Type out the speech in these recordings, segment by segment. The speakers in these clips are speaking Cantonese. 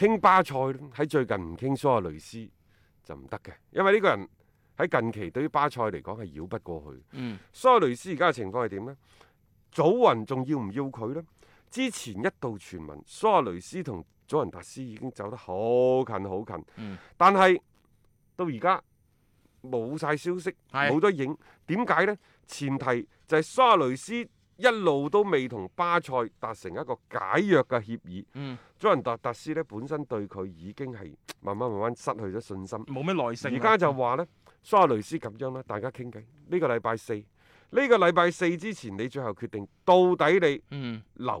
傾巴塞喺最近唔傾蘇亞雷斯就唔得嘅，因為呢個人喺近期對於巴塞嚟講係繞不過去。嗯，蘇亞雷斯而家嘅情況係點呢？祖雲仲要唔要佢呢？之前一度傳聞蘇亞雷斯同祖雲達斯已經走得好近好近，嗯，但係到而家冇晒消息，冇得影。點解是呢？前提就係蘇亞雷斯。一路都未同巴塞達成一個解約嘅協議。嗯，祖雲達斯咧本身對佢已經係慢慢慢慢失去咗信心。冇咩耐性。而家就話咧，嗯、蘇亞雷斯咁樣啦，大家傾偈。呢、呢個禮拜四，呢、呢個禮拜四之前你最後決定到底你留，嗯、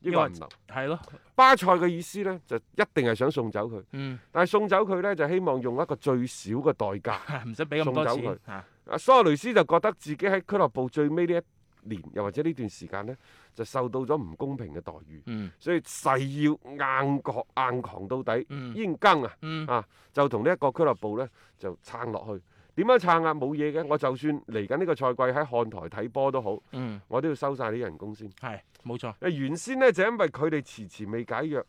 應該唔留。係咯，巴塞嘅意思咧就一定係想送走佢。嗯，但係送走佢咧就希望用一個最少嘅代價，唔使俾咁多錢。送走佢。啊，蘇亞雷斯就覺得自己喺俱樂部最尾呢一。年又或者呢段時間呢，就受到咗唔公平嘅待遇，嗯、所以誓要硬倔硬強到底，煙羹、嗯、啊，嗯、啊就同呢一個俱樂部呢，就撐落去。點樣撐啊？冇嘢嘅，我就算嚟緊呢個賽季喺看台睇波都好，嗯、我都要收晒啲人工先。係，冇錯。原先呢，就是、因為佢哋遲遲未解約。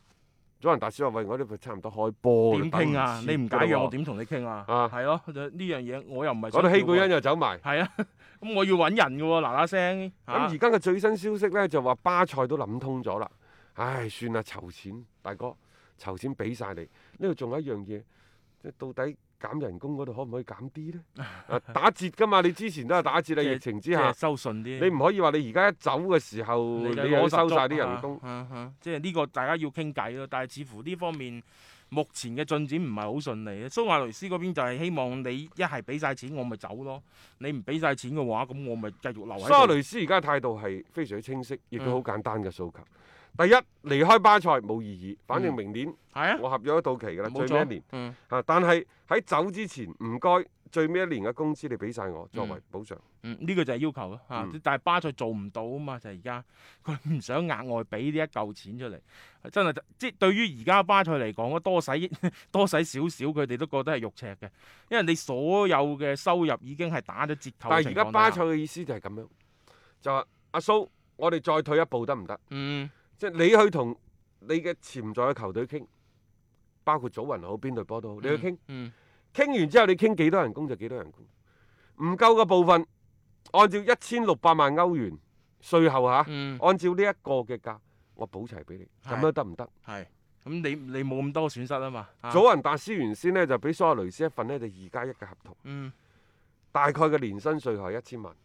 祖雲達斯、啊、話：餵！我哋部差唔多開波，點傾啊？你唔解約，我點同你傾啊？係咯，呢樣嘢我又唔係我到希古恩又走埋。係啊，咁我要揾人嘅喎，嗱嗱聲。咁而家嘅最新消息咧，就話巴塞都諗通咗啦。唉，算啦，籌錢，大哥，籌錢俾晒你。呢度仲有一樣嘢，即係到底。減人工嗰度可唔可以減啲呢、 啊？打折噶嘛！你之前都係打折啦。 疫情之下 收順啲。你唔可以話你而家一走嘅時候，你我收晒啲人工。啊啊啊、即係呢個大家要傾偈咯。但係似乎呢方面目前嘅進展唔係好順利啊。蘇亞雷斯嗰邊就係希望你一係俾晒錢，我咪走咯。你唔俾晒錢嘅話，咁我咪繼續留喺。蘇亞雷斯而家態度係非常之清晰，亦都好簡單嘅訴求。嗯。第一，離開巴塞冇意義，反正明年、嗯啊、我合約都到期㗎啦，冇錯，最尾一年。嗯。但係喺走之前，唔該，最尾一年嘅工資你俾晒我，作為補償。呢、嗯嗯呢個就係要求咯嚇。啊嗯、但係巴塞做唔到啊嘛，就係而家佢唔想額外俾呢一嚿錢出嚟，真係即係對於而家巴塞嚟講，多使多使少少，佢哋都覺得係肉赤嘅，因為你所有嘅收入已經係打咗折頭。但係而家巴塞嘅意思就係咁樣，就話阿蘇，我哋再退一步得唔得？嗯。即係你去同你嘅潛在嘅球隊傾，包括祖雲好邊隊波都好，你去傾、嗯。嗯。傾完之後，你傾幾多人工就幾多人工，唔夠嘅部分，按照一千六百萬歐元稅後嚇，啊嗯、按照呢一個嘅價，我補齊俾你，咁是樣得唔得？係。咁你你冇咁多損失啊嘛。祖雲達斯原先呢，就俾蘇亞雷斯一份呢，就二加一嘅合同。嗯。大概嘅年薪稅後係一千萬。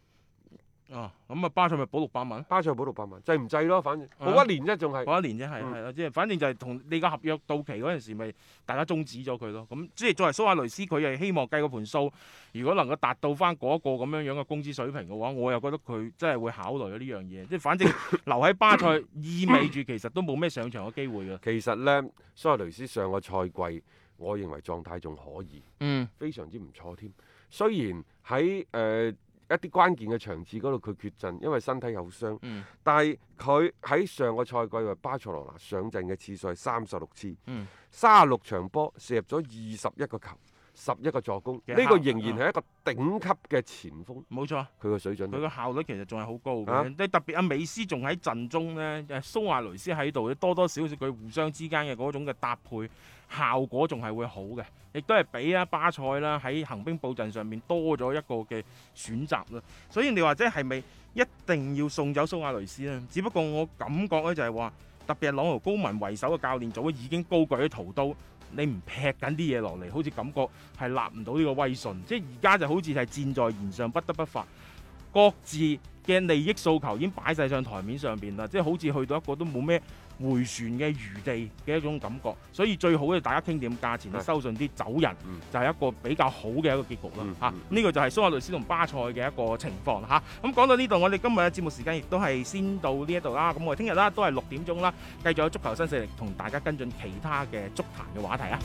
哦，咁啊、嗯、巴塞咪補六百萬，巴塞補六百萬，制唔制咯？反正補、啊、一年啫，仲係補一年啫，係係啦，即係反正就係同你個合約到期嗰陣時，咪、嗯、大家終止咗佢咯。咁即係作為蘇亞雷斯，佢又希望計個盤數，如果能夠達到翻嗰個咁樣樣嘅工資水平嘅話，我又覺得佢真係會考慮咗呢樣嘢。即係反正留喺巴塞 意味住其實都冇咩上場嘅機會嘅。其實咧，蘇亞雷斯上個賽季，我認為狀態仲可以，嗯，非常之唔錯添。雖然喺誒。呃一啲關鍵嘅場次嗰度佢缺陣，因為身體有傷。嗯、但係佢喺上個賽季為巴塞羅那上陣嘅次數係三十六次，三十六場波射入咗二十一個球。十一個助攻，呢效個仍然係一個頂級嘅前鋒。冇錯，佢個水準，佢個效率其實仲係好高嘅。你、啊、特別阿美斯仲喺陣中咧，誒蘇亞雷斯喺度，多多少少佢互相之間嘅嗰種嘅搭配效果仲係會好嘅，亦都係比阿巴塞啦喺行兵布陣上面多咗一個嘅選擇啦。所以你或者係咪一定要送走蘇亞雷斯咧？只不過我感覺咧就係話，特別係朗豪高文為首嘅教練組已經高舉屠刀。你唔劈緊啲嘢落嚟，好似感覺係立唔到呢個威信，即係而家就好似係箭在弦上不得不發，各自嘅利益訴求已經擺晒上台面上邊啦，即係好似去到一個都冇咩迴旋嘅餘地嘅一種感覺，所以最好嘅大家傾點價錢，是收盡啲走人，就係一個比較好嘅一個結局啦。嚇、嗯，呢、嗯啊這個就係蘇亞雷斯同巴塞嘅一個情況啦。咁、啊、講、啊、到呢度，我哋今日嘅節目時間亦都係先到呢一度啦。咁我哋聽日啦都係六點鐘啦，繼續有足球新勢力同大家跟進其他嘅足壇嘅話題啊！